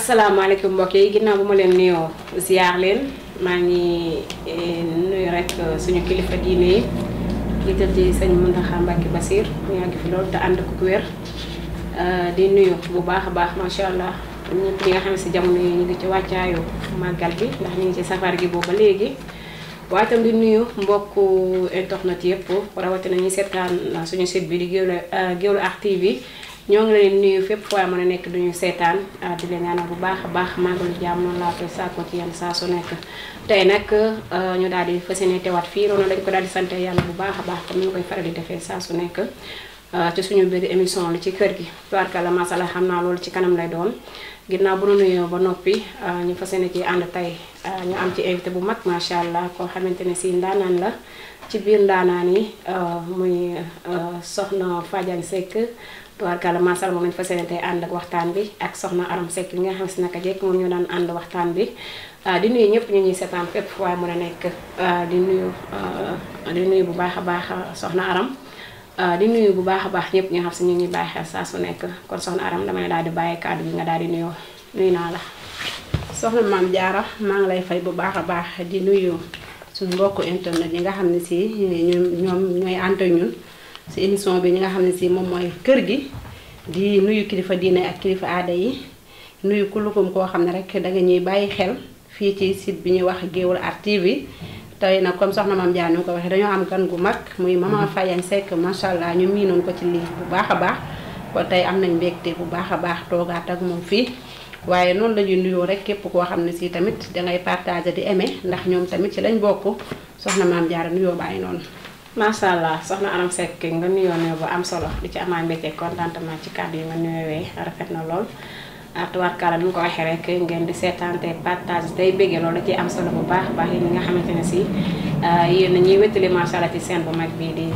asalaamaaleykum mbokk yi ginnaaw bu ma leen nuyoo ziar leen maa ngi eh, nuyu rek eh, suñu kilifa diine yi jiital ci sëñ Mountakha Mbacké Bassir mu yàgg fi loolu te ànd ko wér eh, di nuyu bu baax a baax macha allah ñëpp ñi nga xam ne si jamono yi ñu ngi ci wàccaayu màggal bi ndax ñu ngi ci safar gi booba léegi waaye itam di nuyu mbokku internet yëpp rawatina ñi seetaan suñu site bi di Géewlu euh, Géewlu Art TV ñoo ngi leen nuyu fépp foo mën a nekk duñu seetaan euh, di leen ñaanal bu baax a baax màggalu jàmm noonu laa koy sàkkoo ci yéen saa su nekk tey nag euh, ñu daal di fas yéene teewaat fii noonu dañ ko daal di sante yàlla bu baax a baax comme ñu koy faral di defee saa su nekk ci suñu biir émission li ci kër gi tubaarkalla masala xam naa loolu ci kanam lay doon ginnaaw bu nu nuyoo ba noppi ah, ñu fas yéene ci ànd tey ah, ñu am ci invité bu mag macha allah koo xamante ne si ndaanaan la ci biir ndaanaan yi ah, muy soxna Fadiane Seck tubaarkàlla macha allah moom lañu fas yéene tey ànd waxtaan bi ak soxna Aram Seck bi nga xam si naka jekk moom ñoo daan ànd waxtaan bi di nuyu ñëpp ñu ñuy seetaan fépp waaye mën a nekk di nuyu di nuyu bu baax a baax soxna Aram. Ah, di nuyu bu baax baax ñëpp ñu xam si ñu ngi baye xel saa su nekk kon soxna aram damay daal di baye kaddu bi nga daal di nuyoo nuyu naa la soxna maam jaara maa ngi lay fay bu baax a baax di nuyu suñu mbokk internet yi nga xam ne si ñoom ñooy ànd ak ñun si émission bi ñi nga xam ne si moom mooy kër gi di nuyu kilifa diine ak kilifa aada yi nuyu kulukum koo xam ne rek da nga ñuy bàyyi xel fii ci site bi ñuy wax Gueoul Art TV tey nag comme soxna maam Diagne ni mu ko waxee dañoo am gan gu mag muy maman mhm. Faye sekk macha allah ñu miinoon ko ci lii bu baax a baax kon tey am nañ mbégte bu baax a baax toogaat ak moom fii. waaye noonu lañuy nuyoo rek képp koo xam ne sii tamit dangay partager di aimer ndax ñoom tamit ci lañ bokk soxna maam Diarra nuyoo bàyyi noonu. macha allah soxna Anam Seck nga nuyoo ne bu am solo di ci amaat mbégte contentement ci kàddu yi ma nuyoowee rafet na lool. ah tubaarkaala nu mu ko waxee rek ngeen di seetaan tey partage tey béggee loolu ci am solo bu baax baax yéen ñi nga xamante ne si euh, yéen ñuy wéttali macha allah ci seen bu mag bii di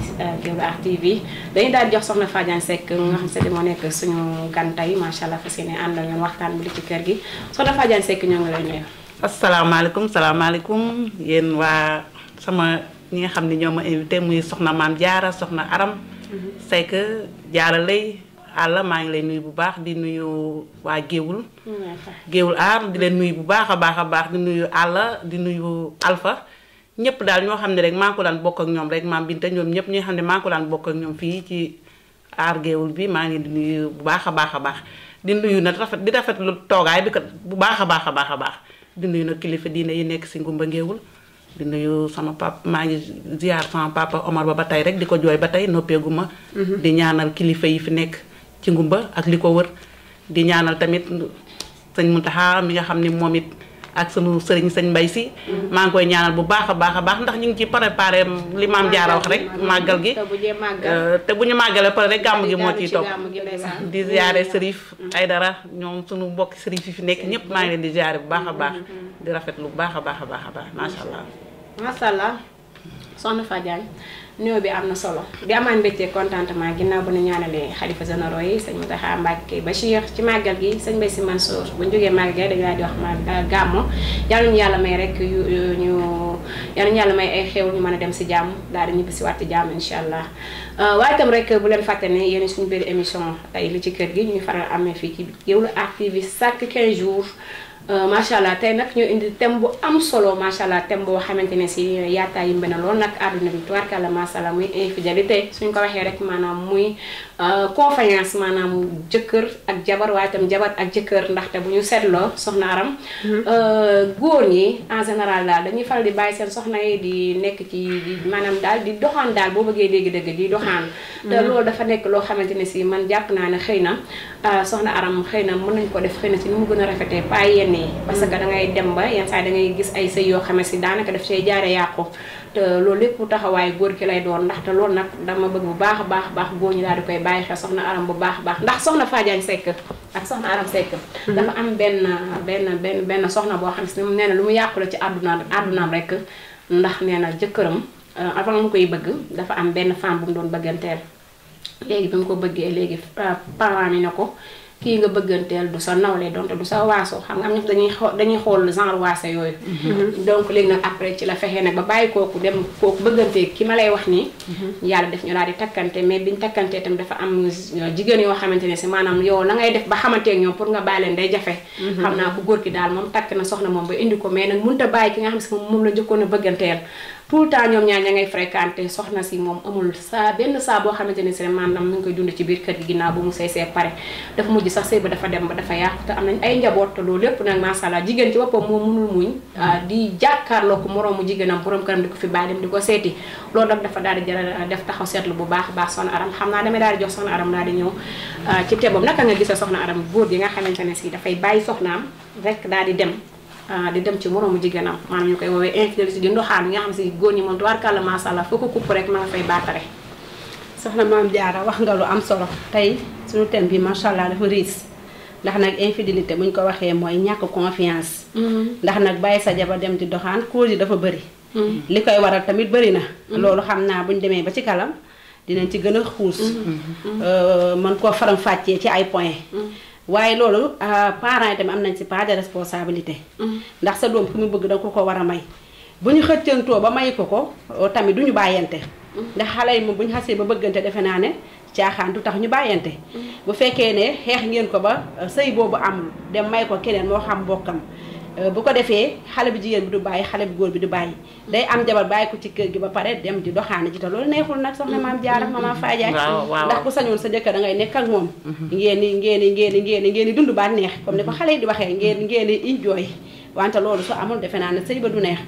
Gueoulart euh, TV dañuy daal jox soxna Fadiane Seck nga xam ne moo nekk suñu gan tey macha allah fas ànd ak waxtaan bi ci kër gi soxna Fadiane Seck ñoo ngi lay nuyu. asalaamaaleykum salaamaaleykum yéen waa sama ñi nga xam ni ñoo ma invité muy soxna maam jaara soxna aram mm-hmm. Seck jaara lay àlla maa ngi lay nuyu bu baax di nuyu waa géewul géewul aar di leen nuyu bu baax a baax a baax di nuyu àlla di nuyu alfa ñëpp daal ñoo xam ne rek maa ko daan bokk ak ñoom rek maam Binta ñëpp ñi xam ne maa ko bokk ak ñoom fii ci aar géewul bi maa ngi di nuyu bu baax a baax a baax di nuyu nag rafet di rafet lu toogaay bi ko bu baax a baax a baax a baax di nuyu na kilifa diine yi nekk si ngumba géewul di nuyu sama papa maa ngi ziar sama papa Omar ba ba tey rek di ko jooy ba tey noppeegu ma. Mm-hmm. di ñaanal kilifa yi fi nekk. ci ngumba ak liko wër di ñaanal tamit señ muntaha mi nga xamni ni ak sunu señ señ mbay si mhm. ma ngi koy ñaanal bu baaxa baaxa baax ndax ñing ci préparé li maam jaara wax rek magal gi te buñu euh, magalé pare rek gam gi mo ci top di ziaré mhm. serif mhm. ay dara ñom sunu mbokk serif fi nek ñëpp ma ngi leen di ziaré bu baaxa baax di rafetlu bu baaxa baaxa baax baax a baax macha allah macha allah soxna Fadiane néew bi am na solo di amaan mbégte contentement ginnaaw bu ñu ñaanalee xalifa généraux yi sëñ Mountakha Mbacké Bachir ci màggal gi sëñ Baye Sy Mansour bu ñu jógee màggal dañu daal di wax ma gàmmu yàlla ñu yàlla may rek yu ñu yàlla ñu yàlla may ay xew ñu mën a dem si jàmm daal di ñibbi si waat ci jàmm incha allah euh, waaye itam rek bu leen fàtte ne yéen suñu biir émission tey li ci kër gi ñu ngi faral amee fii ci Géewul Art TV chaque 15 jours Euh, macha allah tey nag indi thème bu am solo macha allah thème boo xamante ne si yaataa yimbe na lool nag àdduna bi tubaarkàlla macha allah muy infidélité suñ ko waxee rek maanaam muy Euh, confiance maanaam jëkkër ak jabar waaye itam jabar ak jëkkër ndaxte bu ñu seetloo soxna Aram mhm. euh, góor ñi en général daal dañuy faral di bàyyi seen soxna di nekk ci maanaam daal di doxaan daal boo bëggee dégg-dégg di doxaan mhm. te loolu dafa nekk loo xamante ne si man jàpp naa ne xëy na euh, soxna Aram xëy na mën nañ koo def xëy si ni mu gën a rafetee pas yenn yi mhm. parce que da ngay dem ba yenn saa da ngay gis ay sëy yoo xam ne si daanaka def see jaare yàqu te loolu lépp taxawaay góor ki lay doon ndaxte loolu nag dama bëgg bu baax baax baax góor ñi daal di koy bàyyi xel soxna aram bu baax a baax ndax soxna Fadiagne Seck ak soxna aram Seck mhm. dafa am benn benn benn benn soxna boo xam ne nee na lu mu yàqula ci àddunaam àddunaam rek ndax nee na jëkkëram euh, avant mu koy bëgg dafa am benn fem bu mu doon bëgganteel léegi bi mu ko bëggee léegi euh, parent mi ne ko kii nga bëgganteel du sa nawle donte du sa waaso xam nga am na dañuy xool dañuy xool genre waase yooyu. Mhm. donc léegi nag après ci la fexe nag ba bàyyi kooku dem kooku bëggantee ki ma lay wax nii. Mhm. yàlla def ñu daal di takkante mais biñ takkantee itam dafa am euh, jigéen yoo xamante ne si maanaam yow na ngay def ba xamanteeg ñoom pour nga bàyyi leen day jafe. Mhm. xam naa ku góor ki daal moom takk na soxna moom ba indi ko mais nag mënut a bàyyi ki nga xam si moom la njëkkoon tout le temps ñoom ñaar ña ngay fréquenté soxna si moom amul saa benn saa boo xamante ne si maanaam mi ngi koy dund ci biir kër gi ginnaaw ba mu sëy see pare dafa mujj sax sëy ba ba dafa yàqu te am nañ ay njaboot te lépp nag macha allah jigéen ci boppam moo mënul ah, di jàkkaarloo ko moroomu jigéenam borom këram di ko fi bàyyi dem di ko seeti loolu nag dafa daal di jëra ah, def taxaw seetlu bu baax baax soxna aram xam naa damay daal di jox soxna aram daal di ñëw ah, ci tebam naka nga gisee soxna aram góor bi nga xamante ne si dafay bàyyi soxnaam rekk daal di dem Ah, di dem ci moroomu jigéenam maanaam ñu koy woowee infidélité di ndoxaan nga xam si góor ñi moom tubaarkàlla macha allah foo ko kupp rek ma nga fay baatare. soxna maam Diarra wax nga lu am solo tey suñu thème bi macha allah dafa riis ndax nag infidélité buñ ko waxee mooy ñàkk confiance. Mm-hmm. ndax nag bàyyi sa jabar dem di doxaan cause yi dafa bëri. Mm-hmm. li koy waral tamit bëri na. Mm-hmm. loolu xam naa buñ demee ba ci kalam dinañ ci gën a xuus. Euh, mën koo faram fàccee ci ay point waaye loolu euh, parents yi tamit am nañ ci part de responsabilité. Mm-hmm. ndax sa doom ku mu bëgg da ko ko war a may. bu ñu xëccantoo ba may ko ko euh, tamit du ñu bàyyante. Mm-hmm. ndax xale yi moom bu ñu xasee ba bëggante defe naa ne caaxaan du tax ñu bàyyante. Mm-hmm. bu fekkee ne xeex ngeen ko ba euh, sëy boobu amul dem may ko keneen moo xam bokkam. Euh, bu ko defee xale bi jigéen bi du bàyyi xale bu góor bi du bàyyi day am jabar bàyyi ko ci kër gi ba pare dem di doxaana ji te loolu neexul nag soxna maam Jaara mm-hmm. maam Faajaay ndax ku sañoon sa jëkkër da ngay nekk ak moom mm-hmm. ngeen i ngeen i ngeen i ngeen i ngeen i dund ba neex comme ni ko mm-hmm. xale yi di waxee ngeen ngeen i enjoy wante loolu su amul defe naa ne sëy ba du neex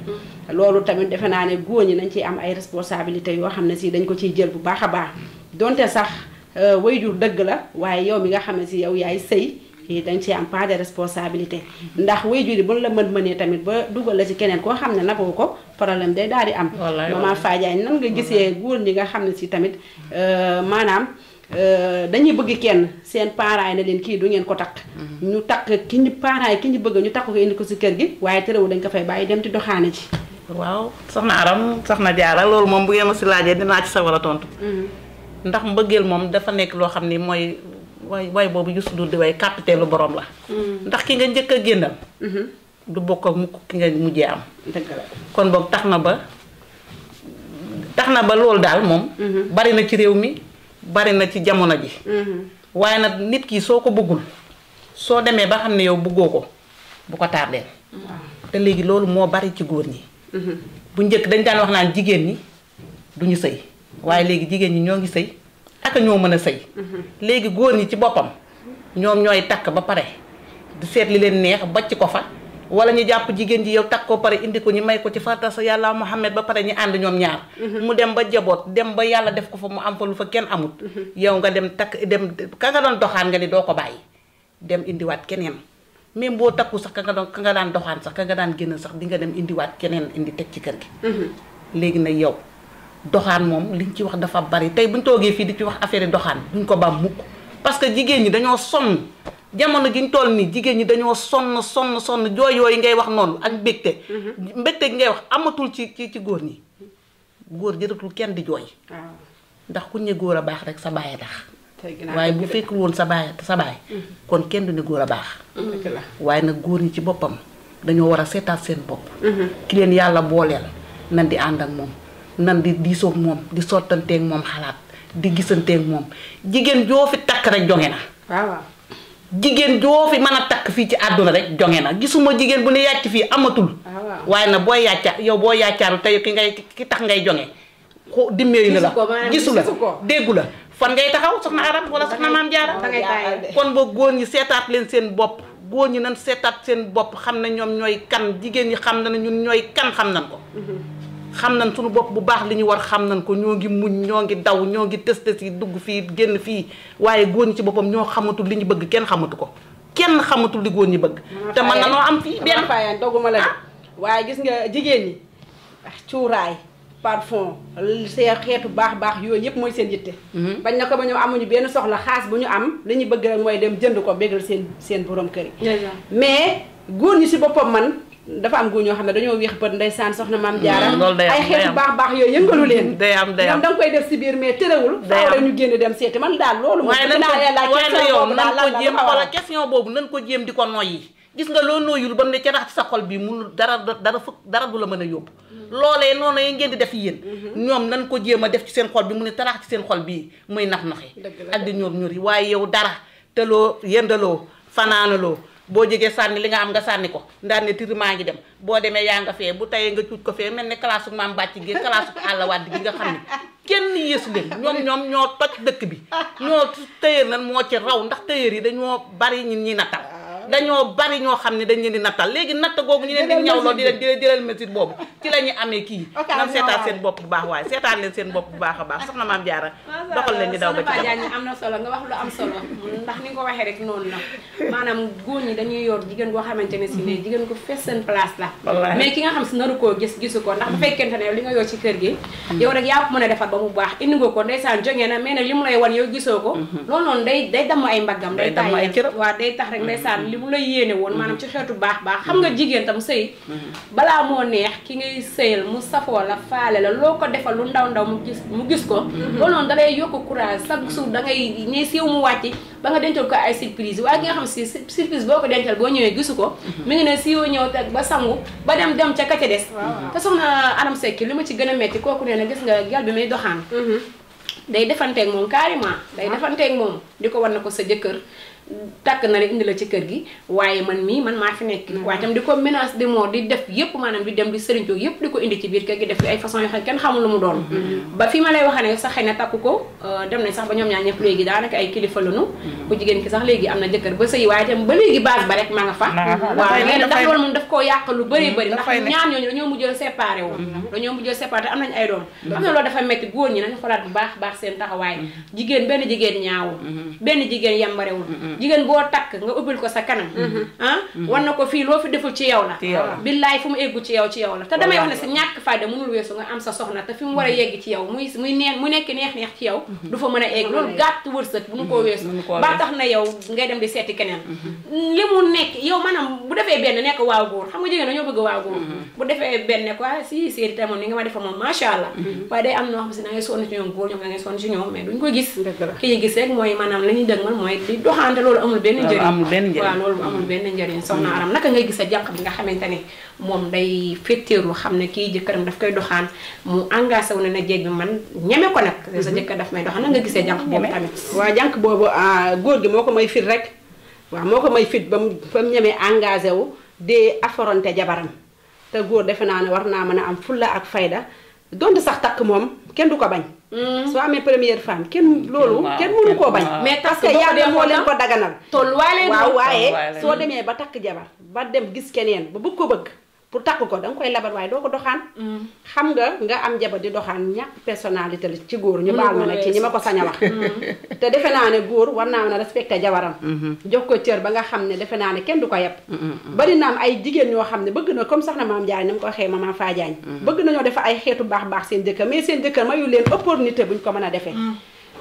loolu tamit defe naa ne góor ñi nañ ciy am ay responsabilité yoo xam ne sii dañ ko ciy jël bu baax a baax donte sax euh, wayjur dëgg la waaye yow mi nga xam si yow yaay sëy dañ ci am part de responsabilité ndax waajur yi bu ñu la mën mënee tamit ba dugal la ci keneen koo xam ne naboo ko problème day daal di am maman Fadiagne nan nga gisee góor ñi nga xam ne si tamit euh, maanaam euh, dañuy bëgg kenn seen parents na ne leen kii du ngeen ko takk mm-hmm. ñu takk ki ñu parents ki ñu bëgg ñu takk ko indi ko si kër gi waaye terewu dañ ko fay bàyyi dem di doxaane ji waaw na Aram sax na Diarra loolu moom bu ngeen ma si laajee dinaa ci sa war a way way boobu su dul di way capitaine lu borom la. Mm. ndax ki nga njëkk a génnal. Mm-hmm. du bokk ak mukk ki nga mujjee am. kon boog tax na ba tax na ba loolu daal moom. Mm-hmm. bari na ci réew mi bari na ci jamono ji. Mm-hmm. waaye nag nit ki soo ko bëggul soo demee ba xam ne yow bëggoo ko bu ko tardeel. te léegi loolu moo bari ci góor ñi. bu njëkk dañ daan wax naan jigéen ñi duñu ñu sëy waaye léegi jigéen ñi ñoo ngi sëy. ak ñoo mëna sey mhm. légui goor ñi ci bopam ñom ñoy tak ba du sét li leen neex bacc ko fa wala ñu japp jigen ji yow tak ko pare indi ko ñi may ko ci farta sa yalla Muhammad ba paré ñi and ñom ñaar mhm. mu dem ba jabot dem ba yalla def ko fa mu am fa lu fa kenn amut mhm. yow nga dem tak dem ka nga don doxaan nga ni ko dem wat keneen mais bo takku sax ka nga don ka nga dan doxaan sax ka nga dan sax di nga dem wat keneen indi tek ci kër gi léegi na yow doxan mom liñ ci wax dafa bari tay buñ toge fi di ci wax affaire doxan duñ ko ba mukk parce que jigéen ñi dañoo son jamono giñ toll ni jigéen ñi dañoo son son son joy yoy ngay wax non ak mbekté mhm. mbekté ngay wax amatul ci ci ci ñi jëratul kenn di joy ah. ndax ku ñe góor baax rek sa baye tax waye bu fekk woon sa baye sa baye mhm. kon kenn du ne góor a baax mhm. waaye nag góor ñi ci bopam dañoo wara sétat seen bop ki leen yalla bolel nan di and ak mom nan di diisoog moom di sottanteeg moom xalaat di gisanteeg moom jigéen joo fi takk rek jonge na. jigéen joo fi mën a takk fii ci àdduna rek jonge na gisuma jigéen bu ne yàcc fii amatul. Ah, waaye na booy yàcca yow boo yàccaaru tey ki ngay ki tax ngay jonge xo dimmeeyu na la gisula la déggu la fan ngay taxaw soxna Arame wala soxna maam Jaara kon boo góor ñi seetaat leen seen bopp góor ñi na seetaat seen bopp xam na ñoom ñooy kan jigéen ñi xam na ne ñun ñooy kan xam nan ko mm-hmm. xam nañ suñu bopp bu baax li ñu war xam nañ ko ñoo ngi muñ ñoo ngi daw ñoo ngi tës tës yi dugg fii génn fii waaye góor ñi ci boppam ñoo xamatul li ñu bëgg kenn xamatu ko kenn xamatul li góor ñi bëgg te mën na noo am fii benn fayaan doguma la de ah. waaye gis nga jigéen ñi ah, cuuraay parfum see xeetu baax baax yooyu yëpp mooy seen yitte mhm. bañ na ko ba ñoom amuñu benn soxla xaas bu ñu am li ñu bëgg rek mooy dem jënd ko bégal seen seen borom kër yi mais góor ñi si boppam man dafa am góor ñoo xam ne dañoo weex bët ndeysaan soxna maam jaara mm, ay xeetu baax baax yooyu yëngalu leen day am day am da koy def si biir mais tërëwul faaw rek ñu génn dem seeti man daal loolu moom waaye na yow nan ko jéem nan ko jéem di ko noyyi gis nga loo nooyul ba mu ne ca rax ci sa xol bi mu dara dara fukk dara du a yóbbu mm-hmm. loolee noonu yi ngeen di def yéen mm-hmm. ñoom nan ko jéem a def ci seen xol bi mu ne tarax ci seen xol bii muy nax naxi ak di ñor ñor yi waaye yow dara te loo yendaloo fanaanaloo boo jegee sànni li nga am nga sànni ko ndax ne maa ngi dem boo demee yaa nga fee bu tayee nga cuuj ko fee mel ne kalaasu maam bàcc gi kalaasu àll waat gi nga xam ne kenn yéesu leen ñoom ñoom ñoo toj dëkk bi ñoo tëyër nan moo ci raw ndax tëyër yi dañoo bari ñii ñi nattal dañoo bari ñoo xam ne dañ leen di nattal léegi natt googu ñu leen di di leen jëlal mesure boobu ci la ñuy amee kii nam seetaan seen bopp bu baax waaye seetaan a nga wax lu am solo ndax ni nga ko waxee rek noonu la maanaam góor ñi dañuy yor jigéen goo xamante ne si ne jigéen ko fees seen place la mais ki nga xam si naru koo gis gisu ko ndax bu fekkente ne li nga yor ci kër gi hmm. yow rek yaa ko mën a defar ba mu baax indi nga ko ndeysaan jógee na mais nag li mu lay wan yow gisoo ko hmm. loolu noonu day day damm ay mbaggam day tax rek ndeysaan li mu la yéene woon mhm. maanaam ci xeetu baax baax xam nga mhm. jigéen tam sëy mhm. balaa moo neex ki ngay sëyal mu safoo la faale la loo ko defal lu ndaw ndaw mu gis mu gis ko loolu noonu dalay yokk courage chaque jour da ngay ñey siiw mu wàcc ba nga dencal ko ay surprise waaye gi nga xam surprise boo ko dencal boo ñëwee gisu ko mu ngi ne siiwoo ñëw teg ba sangu ba dem dem ca kaca des te soxna Adam Seck li ma ci gën a metti kooku nee na gis nga gel bi muy doxaan day defanteek moom carrément day ah. defanteeg moom di ko war na ko sa jëkkër tak na la indi la ci kër gi waye man mi man ma fi nek mm-hmm. tam di ko menace de mort di def yépp manam di dem di tok yépp diko ko indi ci biir kër gi def ay façon yo xam ken xamul lu mu doon mm-hmm. ba fi ma lay waxane sax xëy takuko euh, dem na sax ba ñaan ñaar legi da naka ay kilifa nu mm-hmm. ku jigen ki sax legi amna jëkkeer ba sey waye tam ba legi base ba rek ma nga fa waye ndax lool daf ko yaq lu bari bari ndax ñoo ñooñu mu jël séparé woon dañoo jël séparé amnañ ay doom amna lo dafa metti goor ñi nañ xolaat bu baax baax seen jigen ben jigen ñaaw ben jigen wu Mm-hmm. jigéen boo takk nga ubbil ko sa kanam mm-hmm. ah mm-hmm. na ko fii loo fi deful ci yow la billaay fu mu eggu ci yow ci yaw la te damay wax ne sa ñàkk fayda mënul weesu nga am sa soxna te fi mu war a yegg ci yow muy muy neen mu nekk neex ci yow du a egg loolu gàtt wërsëg bu nu koo weesu ba tax na yow ngay dem di seeti keneen li mu nekk yow maanaam bu defee benn nekk waaw góor xam nga jigéen dañoo bëgg waaw góor bu defee benn quoi si séeri tamoon ni nga ma defa moom macha allah waaye day am na ngay sonn ci ñoom sonn loolu amul benn njëriñ loolu amul benn njëriñ waaw loolu benn njëriñ soxna aram naka ngay gis a jànq bi nga xamante ne moom day féttéeru xam ne kii jëkkëram daf koy doxaan mu engagé wu ne na jéeg bi man ñeme ko nag sa mhm. jëkkër daf may doxaan naka nga gisee jànq boobu tamit waa jànq boobu ah, góor gi moo ko may fit rek waaw moo ko may fit ba mu ba mu ñemee wu dee affronté jabaram te góor defe naa ne war naa mën a am fulla ak fayda donte sax takk moom kenn du ko bañ Mm-hmm. soo amee première femme kenn loolu kenn mënu koo bañ. mais parce que yàlla moo leen ko daganal. tolluwaay leen waaw waaye soo demee ba takk jabar ba dem gis keneen ba bëgg ko bëgg. lu takk ko danga koy labar waaye doo ko doxaan. Mm. xam nga nga am jabar di doxaan ñàkk personnalité la ci góor ñu baal ma na ci ñi ma ko saña a wax. Mm. te defe naa ne góor war naa mën a respecté jabaram. Mm-hmm. jox ko cër ba nga xam ne defe naa ne kenn du ko yeb. bari na am ay jigéen ñoo xam ne bëgg na comme sax na maam Diagne ni mu ko waxee maman Fadiagne. Mm-hmm. bëgg nañoo defa ay xeetu baax baax seen jëkkër mais seen jëkkër mayu leen opportunité buñ ko mën a defee. Mm.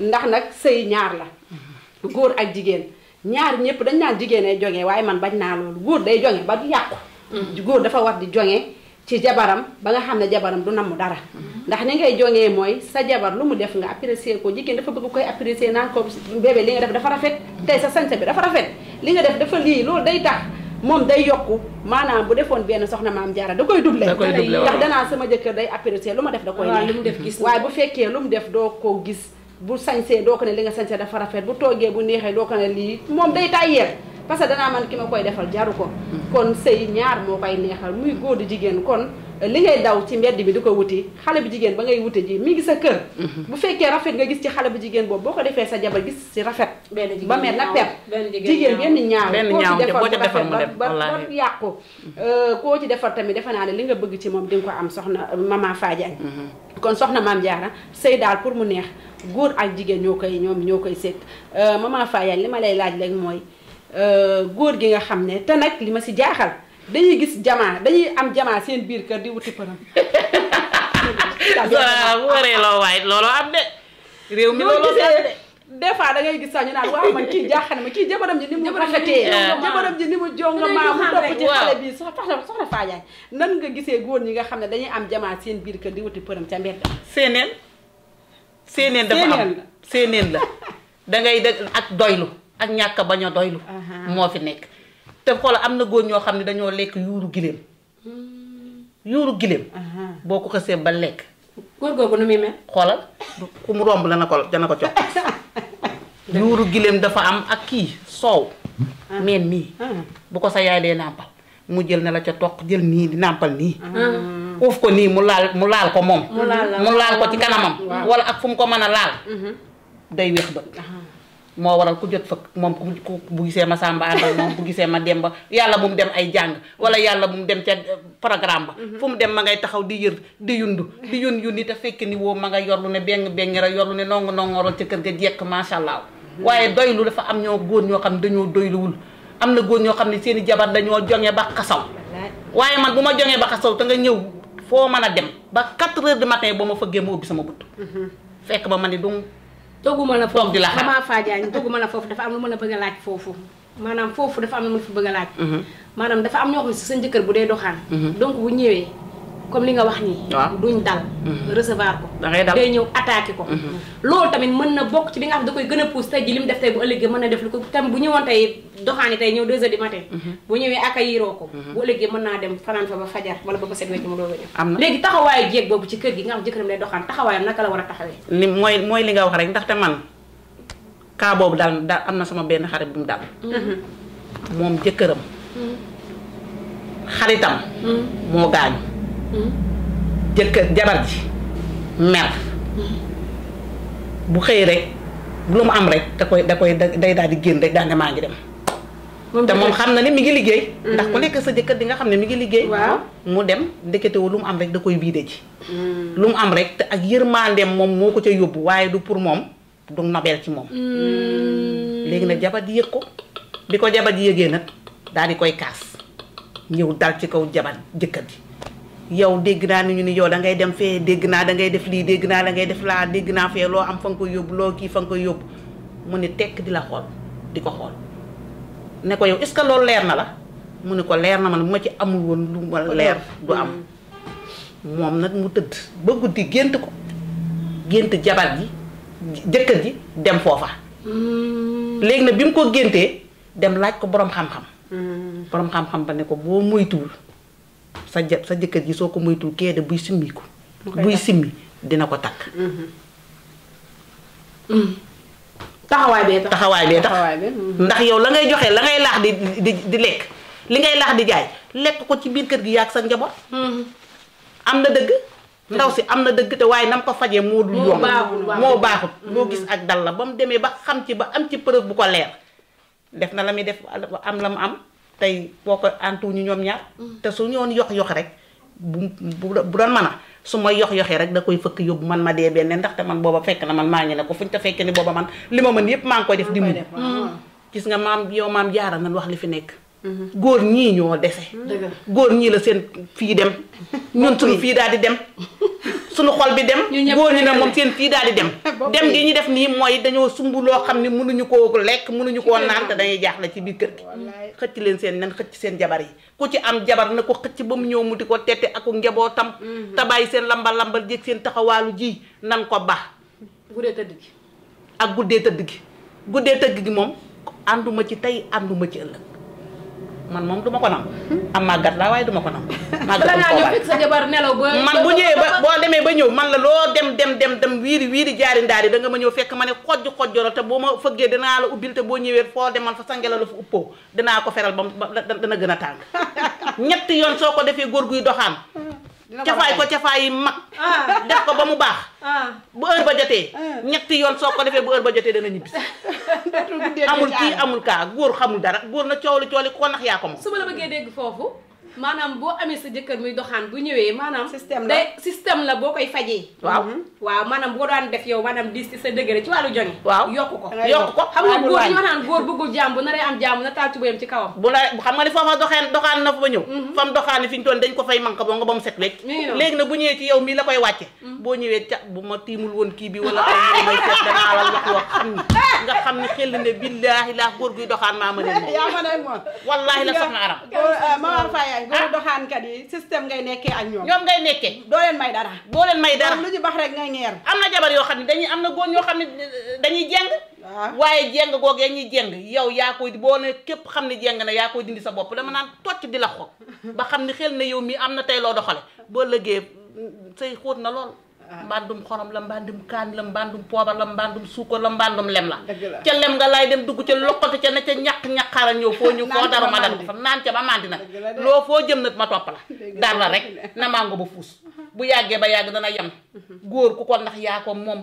ndax nag sëy ñaar la. Mm-hmm. góor ak jigéen ñaar ñëpp dañ naan jigéen ay joŋe waaye man bañ naa loolu góor day joŋe ba yàqu góor dafa war di joŋe ci jabaram ba nga xam ne jabaram du namm dara. ndax ni ngay joŋee mooy sa jabar lu mu def nga apprécier ko jigéen dafa bëgg koy apprécier naan ko bébé li nga def dafa rafet. tey sa sañse bi dafa rafet li nga def dafa lii loolu day tax. moom day yokku maanaam bu defoon benn soxna maam jaara da koy doublé ndax danaa sama jëkkër day apprécier lu ma def da koy gis waaye bu fekkee lu mu def doo ko gis bu sañsee doo ko ne li nga sañsee dafa rafet bu toogee bu neexee doo ko ne lii moom day tàyyeel parce que danaa man ki ma koy defal jaru ko kon sëy ñaar moo koy neexal muy góor di jigéen kon euh, li ngay daw ci mbedd bi di ko wuti xale bu jigéen ba ngay wute ji mi ngi sa kër mhm. bu fekkee rafet nga gis ci xale bu jigéen boobu boo ko defee sa jabar gis ci rafet ba mel na pep jigéen benn ñaaw koo ci defar mu rafet ba ba yàqu mhm. euh, koo ci defar tamit defe naa ne li nga bëgg ci moom di ko am soxna euh, mama Fadiagne mhm. kon soxna maam Diarra sëy daal pour mu neex góor ak jigéen ñoo koy ñoom ñoo koy séq mama Fadiagne li ma lay laaj léegi mooy Euh, góor gi nga xamne te nak lima ma si jaaxal dañuy gis jamaa dañuy am jamaa seen biir kër di wuti param waare lo way waay loolu am de rew mi loolu sa de des fois da ngay gis sa ñu naan waaw man ci jaaxal ma ci jabaram ji ni mu rafeté jabaram ji ni mu jonga ma mu top ci xalé bi soxna soxna faajaay nan nga gisé góor ñi nga xamne dañuy am jamaa seen biir kër di wuti param ca mbedd seenel seenel dafa am seenel la da ngay ak doylu ak ñàkk bañ a doylu uh-huh. moo fi nekk te xoolal am na góor ñoo xam ne dañoo lekk yuuru gileem hmm. yuuru gileem uh-huh. boo ko xasee ba lekk góor googu nu muy mel xoolal ku mu romb dana ko dana ko cox yuuru gileem dafa am ak kii soow uh-huh. meen mii bu ko sa yaay dee nàmpal mu jël ne la ca toq jël nii di nàmpal nii uuf ko nii mu laal mu laal ko moom mu laal ko ci kanamam wala ak fu mu ko mën a laal day weex bët moo waral ku jot fa moom ku bu gisee ma Samba moom bu gisee ma Demba yàlla bu mu dem ay jàng wala yàlla bu mu dem ca eh, programme ba. Mhm. fu mu dem ma ngay taxaw di yër di yundu. di yun yi te fekk ni woo ma nga yorlu ne beng beng ra yorlu ne nongo nongoral ca kër ga jekk macha allah. Mhm. waaye doylu dafa am ñoo góor ñoo xam ne dañoo doyluwul. am na góor ñoo xam ne seen i jabar dañoo joŋe ba xasaw. waaye man bu ma joŋee ba xasaw te nga ñëw foo mën a dem ba 4 heures du matin ba ma fëggee ma ubbi sama bunt. Mhm. togguma la foofu toog di la xaar maman Fadiagne togguma la foofu dafa am lu ma a bëgg laaj foofu maanaam foofu dafa am lu ma la fa bëgg a laaj mhm. maanaam dafa am ñoo xam si sa njëkkër bu dee doxaan mhm. donc bu ñëwee comme li nga wax nii. Ah. duñ dal. Mhm. recevoir ko. da ngay dal day ñëw attaqué ko. Mhm. loolu tamit mën na bokk ci li nga xam da koy gën a pousse tey ji li mu def tey bu ëllëgee mën na def lu ko tam bu ñëwoon tey doxaani tey ñëw 2 heures du matin. Mhm. bu ko. bu ëllëgee mën naa dem fanaan fa ba fajar wala ba ko set wecc mu doog a ñëw. am na léegi taxawaayu jéeg boobu ci kër gi nga xam jëkkëram lay doxaan taxawaayam naka la war a taxawee. ni mooy mooy li nga wax rek te man kaa boobu daal daal am na sama benn xarit bu mu daal. moom jëkkëram xaritam moo Hmm? jëkkër jabar ji mer bu xëy rek lu mu am rek da koy da koy day daal di génn rek daal ne maa ngi dem te moom xam na ne mi ngi liggéey hmm. ndax ku nekk sa jëkkër di nga xam ne mu ngi liggéey waaw mu dem ndeketewul lu mu am rek da koy biide ji hmm. lu mu am rek te ak yërmandeem moom moo ko ca yóbbu waaye du pour moom du nobel ci moom léegi nag jabar ji yëg ko bi ko jabar ji yëgee nag daal di koy kaas ñëw dal ci kaw jabar jëkkër ji yow dégg naa ni ñu ni yow da ngay dem fee dégg naa da ngay def lii dégg naa da def laa dégg naa fee loo am fa nga koy yóbbu loo kii fa nga koy yóbbu mu ni tekk di la xool di ko xool ne ko yow est-ce que loolu leer na la mu ne ko leer na ma bu ma ci amul woon lu ma leer du am moom nag mu tëdd ba guddi gént ko gént jabar ji jëkkër ji dem foofa hmm. léegi nag bi mu ko géntee dem laaj ko boroom xam-xam hmm. boroom xam-xam ba ne ko boo moytuwul sa ja sa jëkkër ji soo ko moytul kee de buy simmi ko buy simmi dina ko takk mhm. Mhm. taxawaay bee tax taxawaay mhm. ndax yow la ngay joxe la ngay laax di di di lekk li ngay laax di jaay lekk ko ci biir kër gi yàgg sa njaboot am na dëgg ndaw si am na dëgg te waaye nam ko fajee moo dul yomb moo baaxut moo gis ak dal la ba mu demee ba xam ci ba am ci preuve bu ko leer def na la muy def am la mu am tey boo ko antuwuñu ñoom ñaar. Mm. te su ñoon yox yox rek bu bu bu doon a su ma yox yoxee rek da koy fëkk yóbbu man ma dee benn ndaxte man booba fekk na man maa ngi ne ko ñu te fekkee ni booba man li ma mën yëpp maa ngi koy def. di mu mm. gis nga maam yow maam jaara na wax li fi nekk. Mm-hmm. góor ñii ñoo defe mm-hmm. góor ñii la seen fii dem ñun suñu fii daal di dem suñu xol bi dem góor ñi na moom seen fii daal di dem dem gi ñu def nii mooy dañoo sumb loo xam ne mënuñu koo lekk mënuñu koo naan te dañuy jaaxle ci biir kër gi xëcc leen seen nan xëcc seen jabar yi ku ci am jabar na ko xëcc ba mu ñëw mu di ko tette ak njabootam mm-hmm. te bàyyi seen lambal lambal jéeg seen taxawaalu ji nan ko baax guddee tëdd ak guddee tëdd gi guddee tëdd gi moom ànduma ci tey ànduma ci ëllëg man moom du ko nam am màggat laa waaye du ma ko nam màggat man bu ñëwee ba boo demee ba ñëw man la loo dem dem dem dem wiiri wiiri jaari ndaari da nga ma ñëw fekk ma ne xojj xojjoro te boo ma fëggee danaa la ubbil te boo ñëwee foo demal fa sange la la fa uppoo dinaa ko feral ba dana gën a tàng ñetti yoon soo ko defee góor guy doxaan cafaay ko cafaay yi mag. Ah. def ko ba mu baax. Ah. bu heure ba jotee. Ah. ñetti yoon soo ko defee bu heure ba jotee dana ñibbisi. amul kii amul kaa góor xamul dara góor na coow li coow li ko nax yaa ko moom. su la bëggee dégg foofu. maanaam boo amee sa jëkkër muy doxaan bu ñëwee maanaam. système la te système la boo koy fajee. waaw mhm. waaw maanaam boo daan def yow maanaam diis ci sa dëgëre ci wàllu joŋe. waaw yokku ko yokku ko. xam nga góor ñoo naan góor bëggul jàmm na rey na taal tubayam ci kawam. bu la xam nga ni foofa doxaan na fa ba ñëw. Mhm. fam doxaan ni fi ñu toon dañ ko fay manqué ba nga ba mu set wecc. léegi nag bu ñëwee ci yow mii la koy wàcce. Mhm. boo ñëwee ca bu ma tiimul woon kii bi wala ay a seet danaa wal wax loo na ni nga xam ni xel ne billaahi laa góor guy doxaan ma ne moom wallaahi la soxna yaay góor ah. doxaankat yi système ngay nekkee ak ñoom ñoom ngay nekkee doo leen may dara boo leen may dara lu ñu bax rek ngay ngeer am na jabar yoo xam ne dañuy am na góor ñoo xam ne eh, dañuy jeng ah. waaye jeng googee ñuy jeng yow yaa koy boo ne képp xam ne jeng na yaa koy dindi sa bopp dama naan tocc di la xool ba xam ne xel na yow mi am na tey loo doxale boo lëggee mm, say xóot na lool mbandum xorom la mbandum kaan la mbandum poobar la mbandum suukar la mbandum lem la ca lem nga laay dem dugg ca loqatu ca na ca ñaq ñaqaara ñëw foo ñu foo ma daru naan ca ba mandi nag loo foo jëm nag ma topp la dar la rek na mango ba fuus uh-huh. bu yàggee ba yàgg dana yem uh-huh. góor ku ko ndax yaa ko moom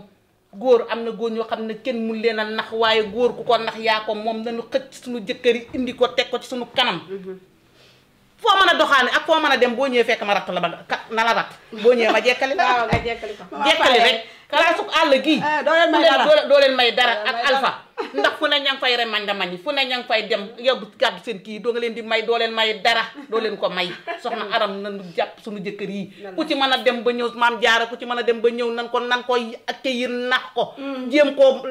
góor am na góor ñoo xam ne kenn mun leen a nax waaye góor ku ko nax yaa ko moom nañu xëcc suñu jëkkër yi indi ko teg ko ci suñu kanam uh-huh. foo mën a doxaane ak foo mën a dem boo ñëwee fekk ma ratt la ba na la ratt boo ñëwee ma jekkali la jekkali rek kalaasu àll gii eh, doo leen may dara ak alpha ndax fu ne ña ngi fay remañ da mañ fu ne ña ngi fay dem yóbbu gàddu seen kii doo nga leen di may doo leen may dara doo leen ko may soxna aram nanu jàpp suñu jëkkër yi ku ci mën a dem ba ñëw maam jaara ku ci mën a dem ba ñëw nan ko nan ko accueillir nax ko mm. jéem koo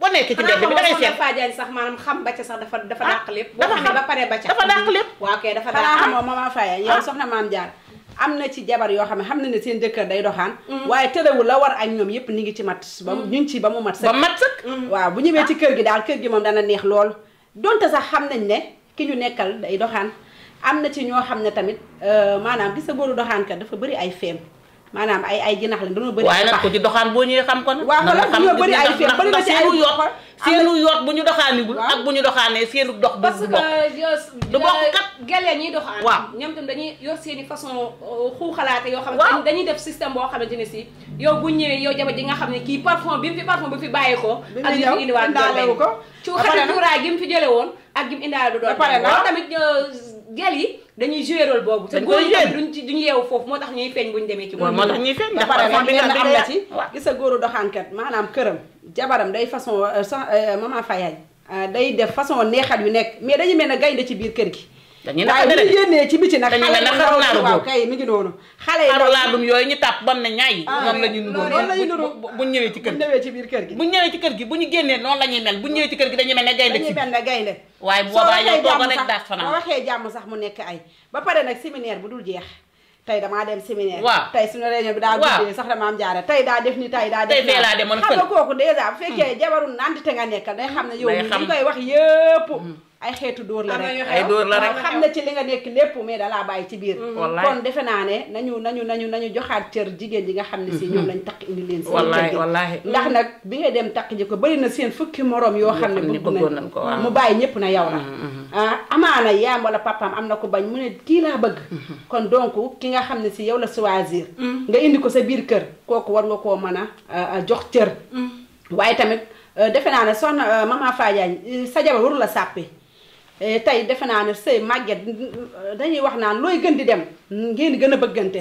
boo nekk ci mbedd bi da ngay seet xanaa sax maanaam xam ba ca sax dafa dafa ah, dàq lépp. dafa xam ba pare ba ca dafa dàq lépp. waaw kay dafa dàq xamoo ah. mama Faye yow ah. am na ci jabar yoo xam ne xam na seen jëkkër day doxaan. Mm. waaye tërëwu la war ak ñoom yépp ñu ngi ci mat. ba mm. ñu ngi ci ba mu mat sëkk. ba mat sëkk. Mm. waaw bu ñëwee ci kër gi daal kër gi moom dana neex lool donte sax xam nañ ne ki ñu nekkal day doxaan am na ci ñoo xam ne tamit euh, maanaam gis sa góoru doxaan ka dafa bëri ay feem maanaam ay ay jinax lañ dañoo bëri. waaye nag ko ci doxaan boo ñëwee xam ko nag. waaw xam bëri ay feem bëri na ci ay seenu yoot buñu doxani gul ak buñu doxane doxaanee seenu dox du parce que du bok kat gelle ya ñi doxaan ñam tam dañuy yor seen façon euh, xuuxalaate yoo xam ne dañuy def système bo xamanteni ne si yow bu ñewé yow jaba ji nga xamné ki parfum bi fi parfum bu fi bàyyee ko ak li indi waat doolewu ko ci xati cuuraay gi mu fi jëlé won ak gi mu indaale du doon loolu tamit euh, gel yi dañuy jouer rôle bobu te góor yi duñ ci duñ yew fofu motax ñuy feñ buñ démé ci bobu motax ñuy feeñ dafa am la ci gisa sa góoru doxaankat maanaam këram jabaram day façon euh, euh, maman Faye euh, day def façon neexal yu nekk mais dañu mel ne gaynde ci biir kër gi. dañuy naqare waaye bu ñu ci biti nag. dañuy mel ne xaru laaru ngi noonu. xale yi xaru laadum yooyu ñu tàpp bam ne ñaay. Ah, noonu la ñuy ñëwee ci kër gi bu kër gi. bu ñëwee ci kër gi bu ñu génnee noonu la ñuy mel bu ñëwee ci kër gi dañuy mel ne gaynde ci dañuy mel ne gaynde. waaye bu boobaa yow waxee jàmm sax mu nekk ay ba pare nag séminaire bu dul jeex tey damaa dem séminaire. waaw tey suñu réunion bi daa guddee sax dama am jaara tey daa def ni tey daa def tey laa demoon xam nga kooku dèjà bu fekkee hmm. jabaru naan nga nekkal day xam ne yow li koy wax yëpp hmm. ay xeetu dóor la rek ay dóor la rek xam na ci li nga nekk lépp mais dalaa bàyyi ci biir kon defe naa ne nañu nañu nañu nañu joxaat cër jigéen ji nga xam ne si ñoom lañ takk indi leen seen wallaay wallaay ndax nag bi ngay dem takk ji ko bëri na seen fukki morom yoo xam ne bëgg nañ ko mu bàyyi ñëpp na yow la ah amaana yaam wala papaam am na ko bañ mu ne kii laa bëgg kon donc ki nga xam ne si yow la choisir mm. nga indi ko sa biir kër kooku war nga koo mën a jox cër mm. waaye tamit euh, defe naa ne soxna euh, maman Fadiagne sa jabar waru la sàppi Eh, tey defe naa ne sëy màgget dañuy wax naan looy gën di dem ngeen gën a bëggante